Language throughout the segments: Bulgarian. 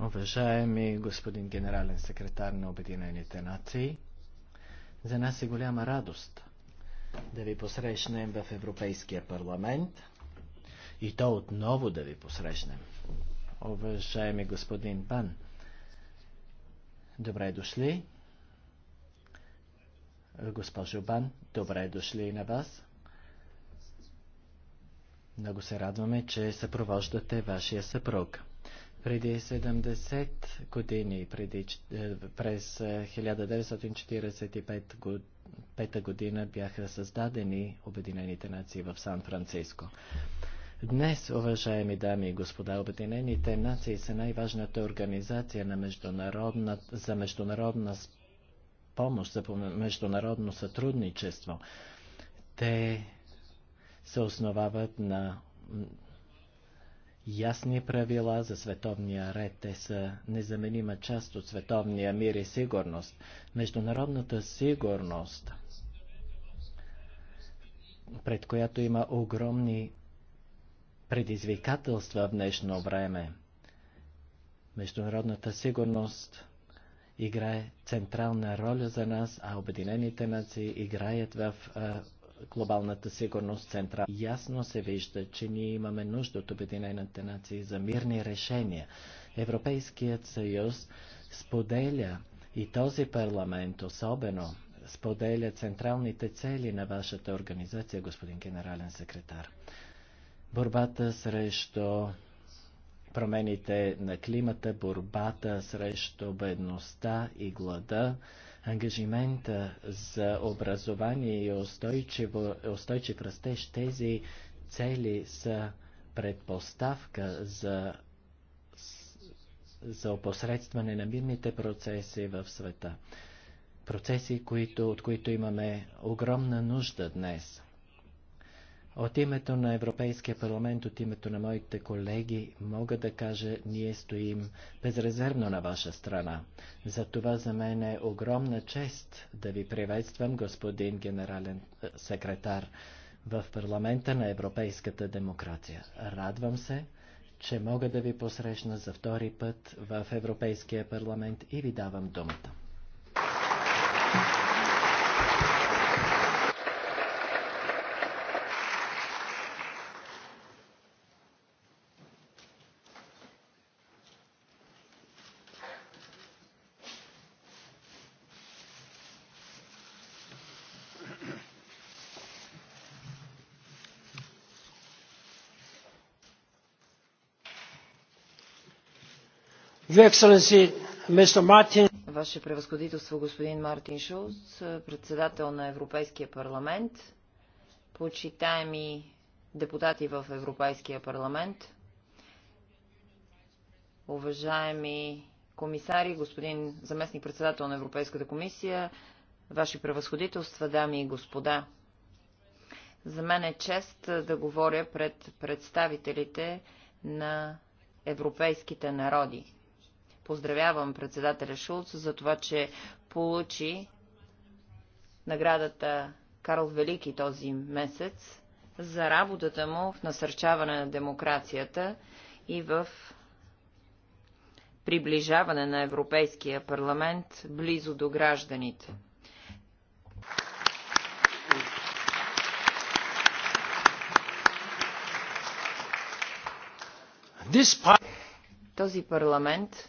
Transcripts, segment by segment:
Уважаеми господин генерален секретар на Обединените нации, за нас е голяма радост да ви посрещнем в Европейския парламент и то отново да ви посрещнем. Уважаеми господин Пан, добре дошли. Госпожо Бан, добре дошли и на вас. Много се радваме, че съпровождате вашия съпруг. Преди 70 години, преди, е, през 1945 е, година, пета година бяха създадени Обединените нации в Сан-Франциско. Днес, уважаеми дами и господа, Обединените нации са най-важната организация на международна, за международна помощ, за международно сътрудничество. Те се основават на ясни правила за световния ред. Те са незаменима част от световния мир и сигурност. Международната сигурност, пред която има огромни предизвикателства в днешно време. Международната сигурност играе централна роля за нас, а Обединените нации играят в глобалната сигурност центра. Ясно се вижда, че ние имаме нужда от обединените нация за мирни решения. Европейският съюз споделя и този парламент особено споделя централните цели на вашата организация, господин генерален секретар. Борбата срещу промените на климата, борбата срещу бедността и глада, ангажимента за образование и устойчиво, устойчив растеж, тези цели са предпоставка за, за опосредстване на мирните процеси в света. Процеси, които, от които имаме огромна нужда днес – от името на Европейския парламент, от името на моите колеги, мога да кажа, ние стоим безрезервно на ваша страна. За това за мен е огромна чест да ви приветствам, господин генерален е, секретар, в парламента на европейската демокрация. Радвам се, че мога да ви посрещна за втори път в Европейския парламент и ви давам думата. Ваше превъзходителство, господин Мартин Шулц, председател на Европейския парламент, почитаеми депутати в Европейския парламент, уважаеми комисари, господин заместник председател на Европейската комисия, Ваши превъзходителства, дами и господа. За мен е чест да говоря пред представителите на европейските народи. Поздравявам председателя Шулц за това, че получи наградата Карл Велики този месец за работата му в насърчаване на демокрацията и в приближаване на Европейския парламент близо до гражданите. Този парламент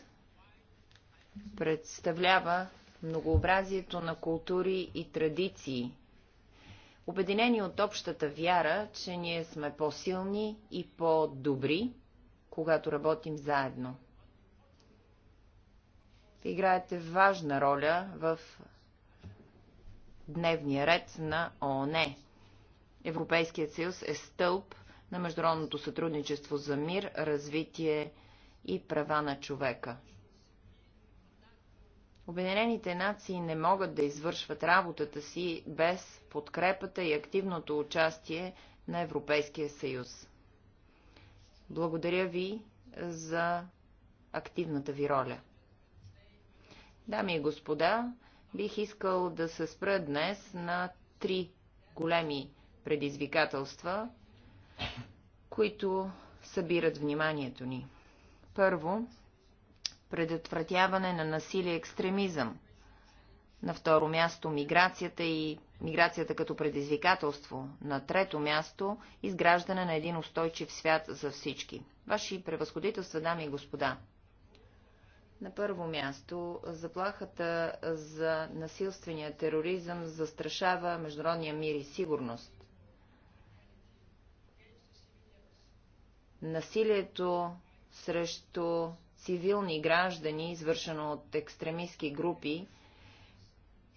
представлява многообразието на култури и традиции, обединени от общата вяра, че ние сме по-силни и по-добри, когато работим заедно. Играете важна роля в дневния ред на ООН. Европейският съюз е стълб на международното сътрудничество за мир, развитие и права на човека. Обединените нации не могат да извършват работата си без подкрепата и активното участие на Европейския съюз. Благодаря ви за активната ви роля. Дами и господа, бих искал да се спра днес на три големи предизвикателства, които събират вниманието ни. Първо, предотвратяване на насилие и екстремизъм. На второ място миграцията и миграцията като предизвикателство. На трето място изграждане на един устойчив свят за всички. Ваши превъзходителства, дами и господа. На първо място, заплахата за насилствения тероризъм застрашава международния мир и сигурност. Насилието срещу цивилни граждани, извършено от екстремистски групи,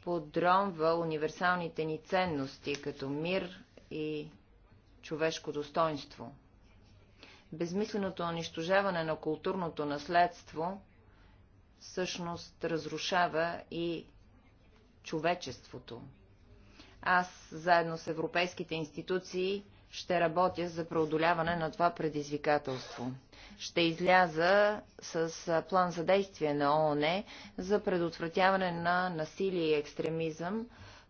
подронва универсалните ни ценности, като мир и човешко достоинство. Безмисленото унищожаване на културното наследство всъщност разрушава и човечеството. Аз, заедно с европейските институции, ще работя за преодоляване на това предизвикателство ще изляза с план за действие на ООН за предотвратяване на насилие и екстремизъм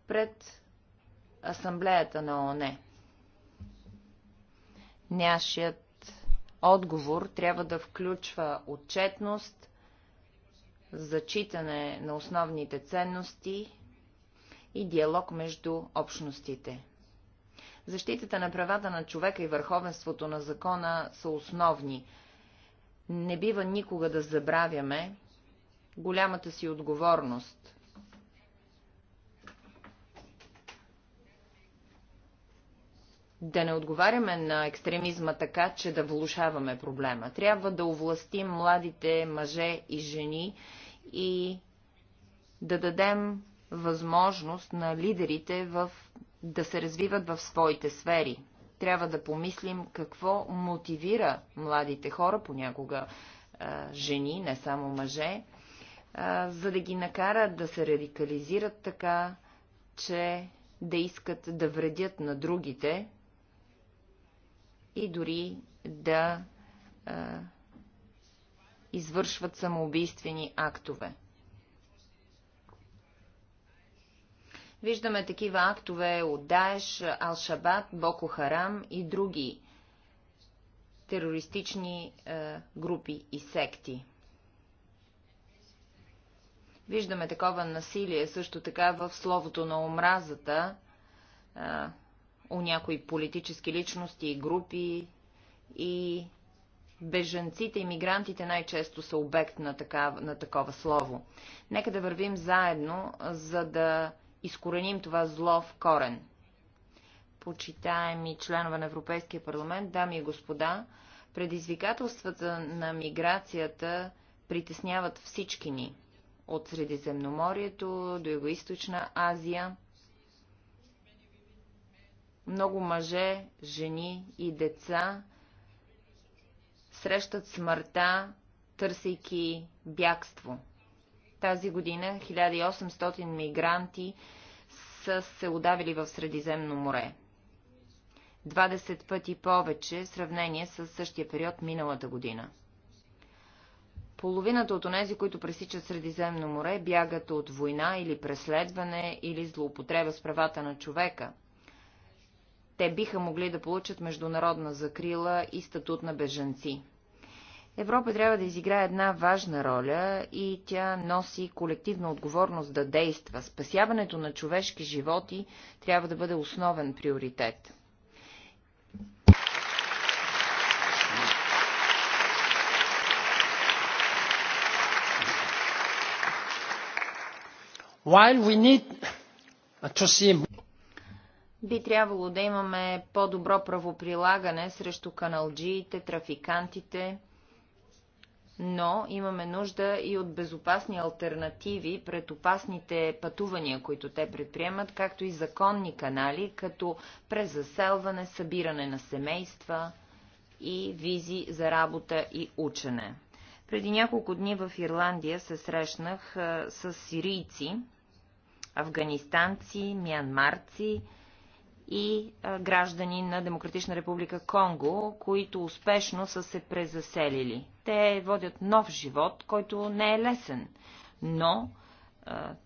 пред Асамблеята на ООН. Нашият отговор трябва да включва отчетност, зачитане на основните ценности и диалог между общностите. Защитата на правата на човека и върховенството на закона са основни, не бива никога да забравяме голямата си отговорност. Да не отговаряме на екстремизма така, че да влушаваме проблема. Трябва да овластим младите мъже и жени и да дадем възможност на лидерите в... да се развиват в своите сфери. Трябва да помислим какво мотивира младите хора, понякога жени, не само мъже, за да ги накарат да се радикализират така, че да искат да вредят на другите и дори да извършват самоубийствени актове. Виждаме такива актове от Даеш, Ал-Шабат, Боко Харам и други терористични е, групи и секти. Виждаме такова насилие също така в словото на омразата е, у някои политически личности и групи и беженците, и мигрантите най-често са обект на, такава, на такова слово. Нека да вървим заедно, за да изкореним това зло в корен. Почитаеми членове на Европейския парламент, дами и господа, предизвикателствата на миграцията притесняват всички ни. От Средиземноморието до Югоизточна Азия. Много мъже, жени и деца срещат смъртта, търсейки бягство. Тази година 1800 мигранти са се удавили в Средиземно море. 20 пъти повече в сравнение с същия период миналата година. Половината от онези, които пресичат Средиземно море, бягат от война или преследване или злоупотреба с правата на човека. Те биха могли да получат международна закрила и статут на бежанци. Европа трябва да изиграе една важна роля и тя носи колективна отговорност да действа. Спасяването на човешки животи трябва да бъде основен приоритет. While we need to see би трябвало да имаме по-добро правоприлагане срещу каналджиите, трафикантите но имаме нужда и от безопасни альтернативи пред опасните пътувания, които те предприемат, както и законни канали, като презаселване, събиране на семейства и визи за работа и учене. Преди няколко дни в Ирландия се срещнах с сирийци, афганистанци, мянмарци, и граждани на Демократична република Конго, които успешно са се презаселили. Те водят нов живот, който не е лесен, но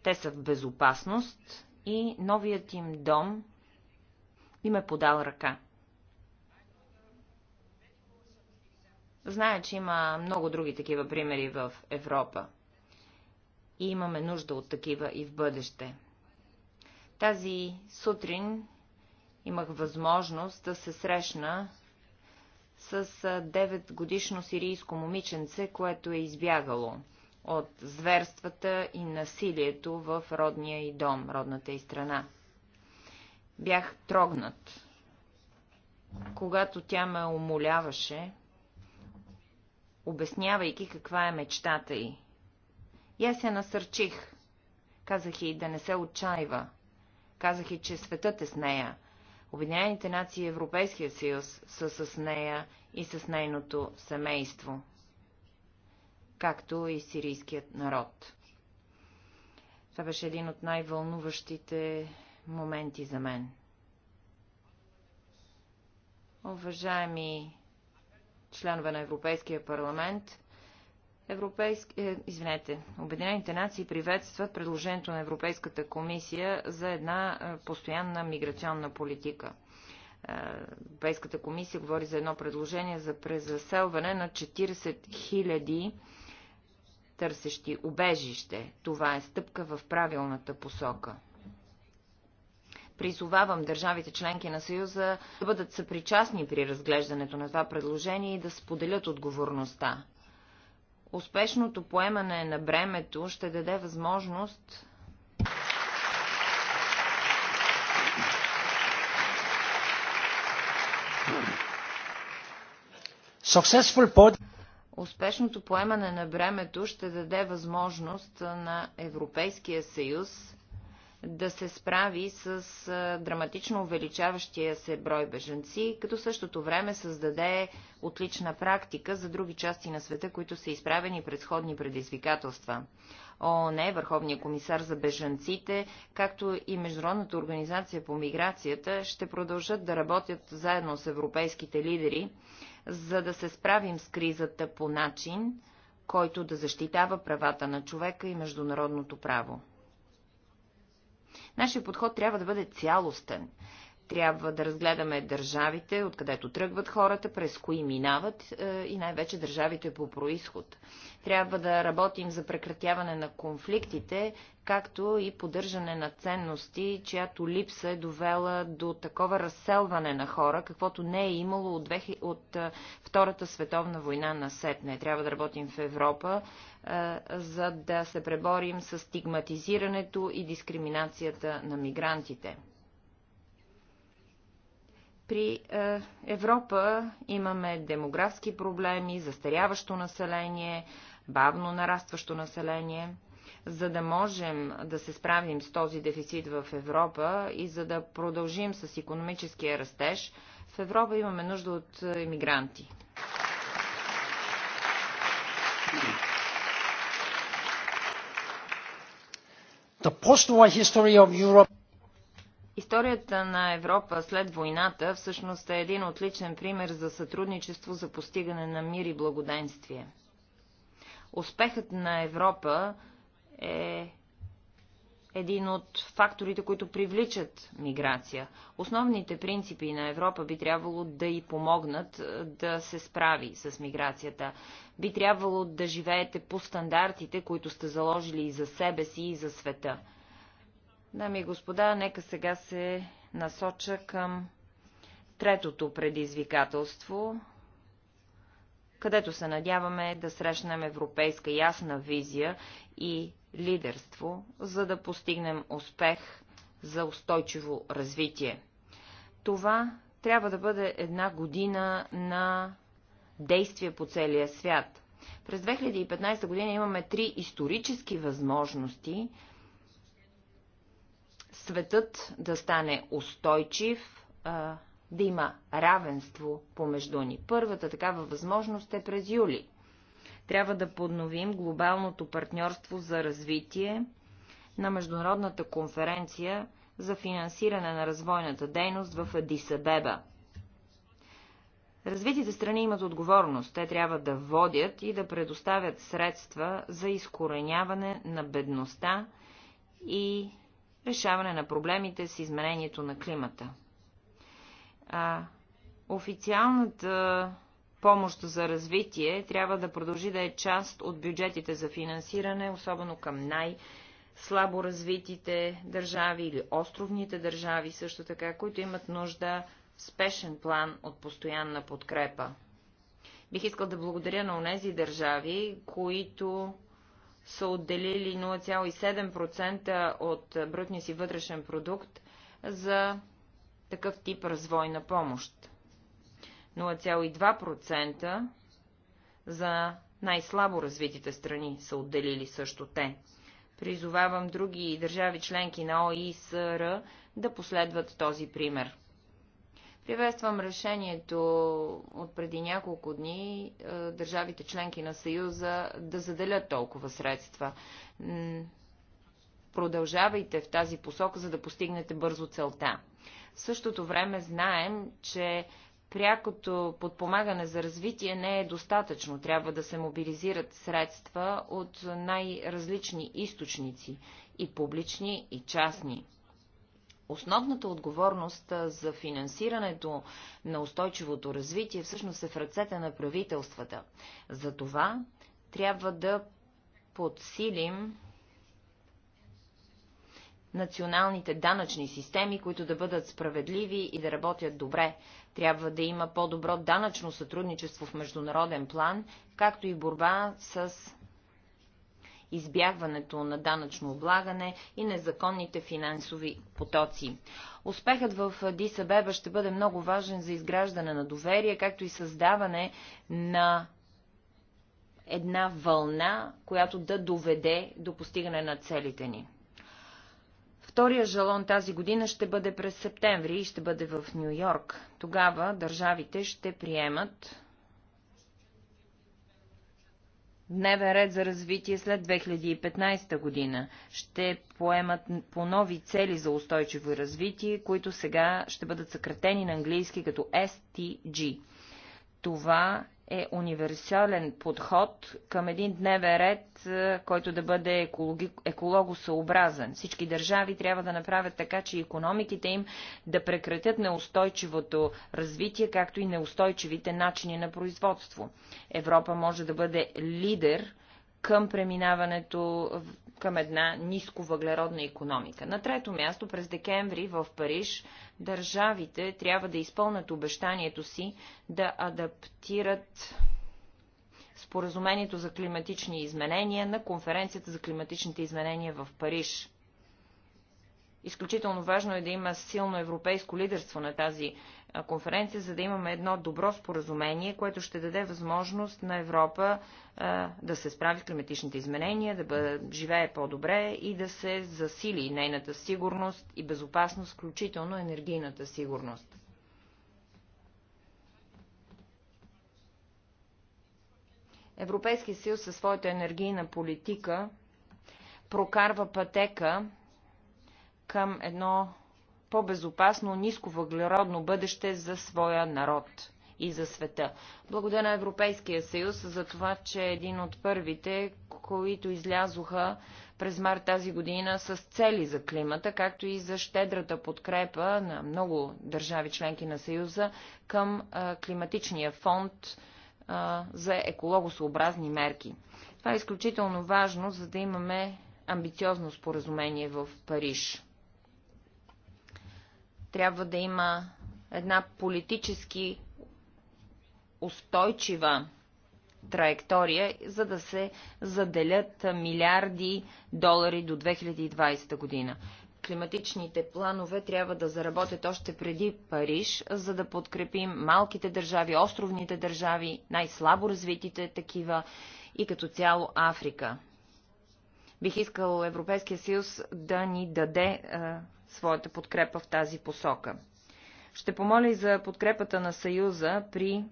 те са в безопасност и новият им дом им е подал ръка. Зная, че има много други такива примери в Европа. И имаме нужда от такива и в бъдеще. Тази сутрин имах възможност да се срещна с 9 годишно сирийско момиченце, което е избягало от зверствата и насилието в родния и дом, родната и страна. Бях трогнат. Когато тя ме умоляваше, обяснявайки каква е мечтата й. И аз я насърчих. Казах и да не се отчаива. Казах и, че светът е с нея, Обединените нации и Европейския съюз са с нея и с нейното семейство, както и сирийският народ. Това беше един от най-вълнуващите моменти за мен. Уважаеми членове на Европейския парламент, Европейски... Е, извинете, Обединените нации приветстват предложението на Европейската комисия за една е, постоянна миграционна политика. Е, Европейската комисия говори за едно предложение за презаселване на 40 000 търсещи убежище. Това е стъпка в правилната посока. Призовавам държавите членки на Съюза да бъдат съпричастни при разглеждането на това предложение и да споделят отговорността успешното поемане на бремето ще даде възможност Успешното поемане на бремето ще даде възможност на Европейския съюз да се справи с драматично увеличаващия се брой беженци, като същото време създаде отлична практика за други части на света, които са изправени пред сходни предизвикателства. ООН, Върховния комисар за бежанците, както и Международната организация по миграцията ще продължат да работят заедно с европейските лидери, за да се справим с кризата по начин, който да защитава правата на човека и международното право. Нашия подход трябва да бъде цялостен трябва да разгледаме държавите, откъдето тръгват хората, през кои минават е, и най-вече държавите по происход. Трябва да работим за прекратяване на конфликтите, както и поддържане на ценности, чиято липса е довела до такова разселване на хора, каквото не е имало от, две, от е, Втората световна война на сетне. Трябва да работим в Европа, е, за да се преборим с стигматизирането и дискриминацията на мигрантите. При е, Европа имаме демографски проблеми, застаряващо население, бавно нарастващо население. За да можем да се справим с този дефицит в Европа и за да продължим с економическия растеж, в Европа имаме нужда от е, иммигранти. The post-war history of Europe Историята на Европа след войната всъщност е един отличен пример за сътрудничество за постигане на мир и благоденствие. Успехът на Европа е един от факторите, които привличат миграция. Основните принципи на Европа би трябвало да й помогнат е, да се справи с миграцията. Би трябвало да живеете по стандартите, които сте заложили и за себе си, и за света. Дами и господа, нека сега се насоча към третото предизвикателство, където се надяваме да срещнем европейска ясна визия и лидерство, за да постигнем успех за устойчиво развитие. Това трябва да бъде една година на действие по целия свят. През 2015 година имаме три исторически възможности – светът да стане устойчив, да има равенство помежду ни. Първата такава възможност е през юли. Трябва да подновим глобалното партньорство за развитие на Международната конференция за финансиране на развойната дейност в Адисабеба. Развитите страни имат отговорност. Те трябва да водят и да предоставят средства за изкореняване на бедността и решаване на проблемите с изменението на климата. А, официалната помощ за развитие трябва да продължи да е част от бюджетите за финансиране, особено към най- слабо развитите държави или островните държави също така, които имат нужда в спешен план от постоянна подкрепа. Бих искал да благодаря на онези държави, които са отделили 0,7% от брутния си вътрешен продукт за такъв тип развойна помощ. 0,2% за най-слабо развитите страни са отделили също те. Призовавам други държави членки на ОИСР да последват този пример. Приветствам решението от преди няколко дни е, държавите членки на Съюза да заделят толкова средства. Продължавайте в тази посока, за да постигнете бързо целта. В същото време знаем, че прякото подпомагане за развитие не е достатъчно. Трябва да се мобилизират средства от най-различни източници и публични, и частни. Основната отговорност за финансирането на устойчивото развитие всъщност е в ръцете на правителствата. За това трябва да подсилим националните данъчни системи, които да бъдат справедливи и да работят добре. Трябва да има по-добро данъчно сътрудничество в международен план, както и борба с избягването на данъчно облагане и незаконните финансови потоци. Успехът в Дисабеба ще бъде много важен за изграждане на доверие, както и създаване на една вълна, която да доведе до постигане на целите ни. Втория жалон тази година ще бъде през септември и ще бъде в Нью Йорк. Тогава държавите ще приемат дневен ред за развитие след 2015 година. Ще поемат по нови цели за устойчиво развитие, които сега ще бъдат съкратени на английски като STG. Това е универсален подход към един дневен ред, е, който да бъде екологи... екологосъобразен. Всички държави трябва да направят така, че економиките им да прекратят неустойчивото развитие, както и неустойчивите начини на производство. Европа може да бъде лидер към преминаването към една ниско въглеродна економика. На трето място, през декември в Париж, държавите трябва да изпълнят обещанието си да адаптират споразумението за климатични изменения на конференцията за климатичните изменения в Париж. Изключително важно е да има силно европейско лидерство на тази конференция, за да имаме едно добро споразумение, което ще даде възможност на Европа да се справи с климатичните изменения, да бъде, живее по-добре и да се засили нейната сигурност и безопасност, включително енергийната сигурност. Европейския съюз със своята енергийна политика прокарва пътека към едно по-безопасно, ниско въглеродно бъдеще за своя народ и за света. Благодаря на Европейския съюз за това, че е един от първите, които излязоха през март тази година с цели за климата, както и за щедрата подкрепа на много държави членки на Съюза към а, климатичния фонд а, за екологосообразни мерки. Това е изключително важно, за да имаме амбициозно споразумение в Париж. Трябва да има една политически устойчива траектория, за да се заделят милиарди долари до 2020 година. Климатичните планове трябва да заработят още преди Париж, за да подкрепим малките държави, островните държави, най-слабо развитите такива и като цяло Африка. Бих искал Европейския съюз да ни даде е, своята подкрепа в тази посока. Ще помоля и за подкрепата на Съюза при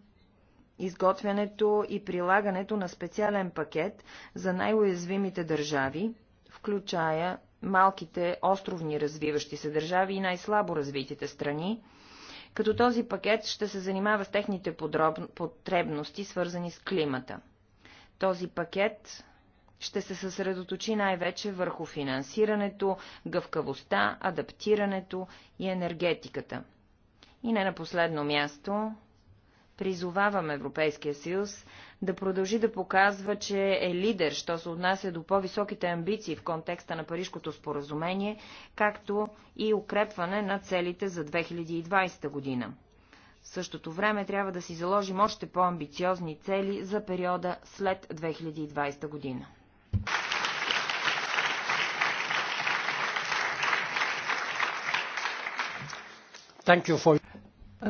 изготвянето и прилагането на специален пакет за най-уязвимите държави, включая малките островни развиващи се държави и най-слабо развитите страни, като този пакет ще се занимава с техните потребности, свързани с климата. Този пакет ще се съсредоточи най-вече върху финансирането, гъвкавостта, адаптирането и енергетиката. И не на последно място, призовавам Европейския съюз да продължи да показва, че е лидер, що се отнася до по-високите амбиции в контекста на Парижкото споразумение, както и укрепване на целите за 2020 година. В същото време трябва да си заложим още по-амбициозни цели за периода след 2020 година.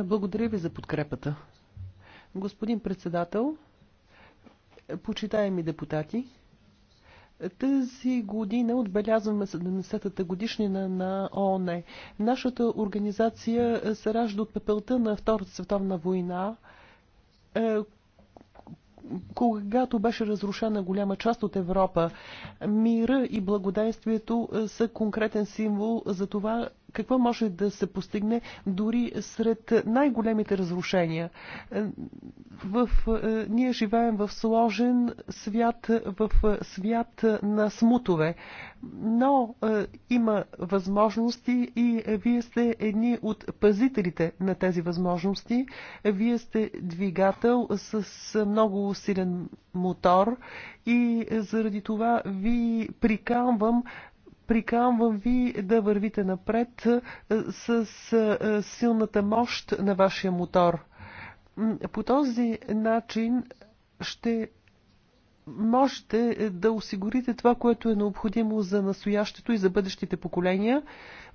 Благодаря ви за подкрепата. Господин председател, почитаеми депутати, тази година отбелязваме 70-та годишнина на ООН. Нашата организация се ражда от пепелта на Втората световна война, е, когато беше разрушена голяма част от Европа. Мира и благодействието са конкретен символ за това, какво може да се постигне дори сред най-големите разрушения. В, е, ние живеем в сложен свят, в свят на смутове, но е, има възможности и вие сте едни от пазителите на тези възможности. Вие сте двигател с много силен мотор и заради това ви приканвам Приканвам ви да вървите напред е, с е, силната мощ на вашия мотор. По този начин ще можете е, да осигурите това, което е необходимо за настоящето и за бъдещите поколения.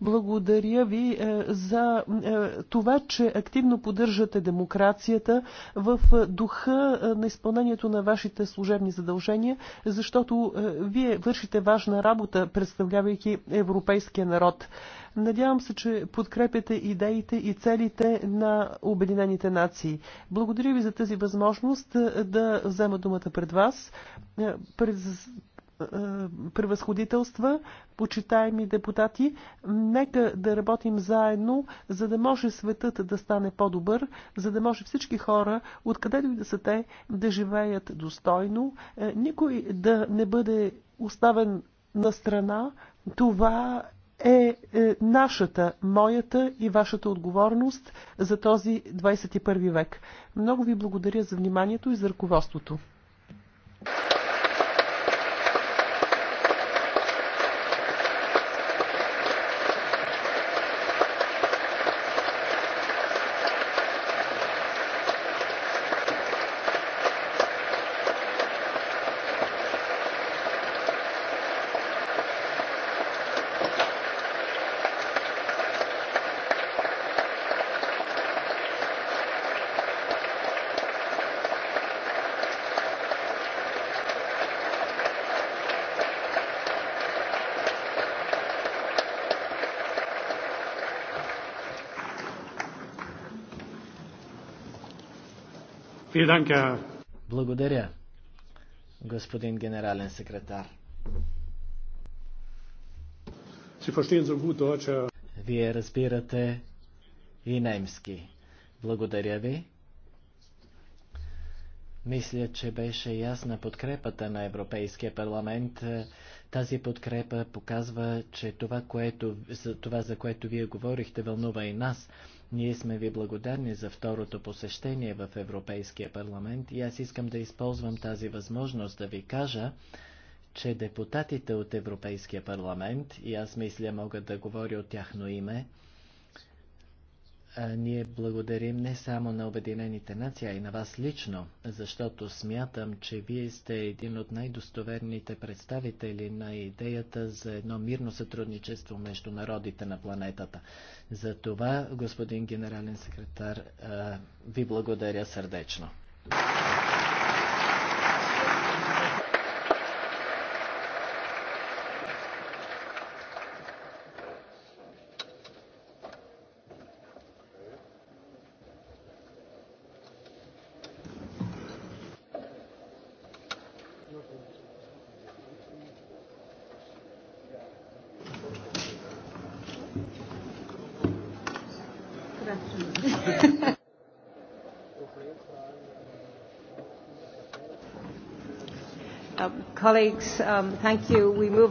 Благодаря ви е, за е, това, че активно поддържате демокрацията в духа на изпълнението на вашите служебни задължения, защото вие вършите важна работа, представлявайки европейския народ. Надявам се, че подкрепяте идеите и целите на Обединените нации. Благодаря ви за тази възможност е, да взема думата пред вас. Е, през е, превъзходителства, почитаеми депутати, нека да работим заедно, за да може светът да стане по-добър, за да може всички хора, откъдето и да са те, да живеят достойно, никой да не бъде оставен на страна. Това е, е нашата, моята и вашата отговорност за този 21 век. Много ви благодаря за вниманието и за ръководството. Благодаря, господин генерален секретар. Вие разбирате и немски. Благодаря ви. Мисля, че беше ясна подкрепата на Европейския парламент. Тази подкрепа показва, че това, което, за това, за което вие говорихте, вълнува и нас. Ние сме ви благодарни за второто посещение в Европейския парламент и аз искам да използвам тази възможност да ви кажа, че депутатите от Европейския парламент, и аз мисля мога да говоря от тяхно име, ние благодарим не само на Обединените нации, а и на вас лично, защото смятам, че вие сте един от най-достоверните представители на идеята за едно мирно сътрудничество между народите на планетата. За това, господин генерален секретар, ви благодаря сърдечно. colleagues, um, thank you. We move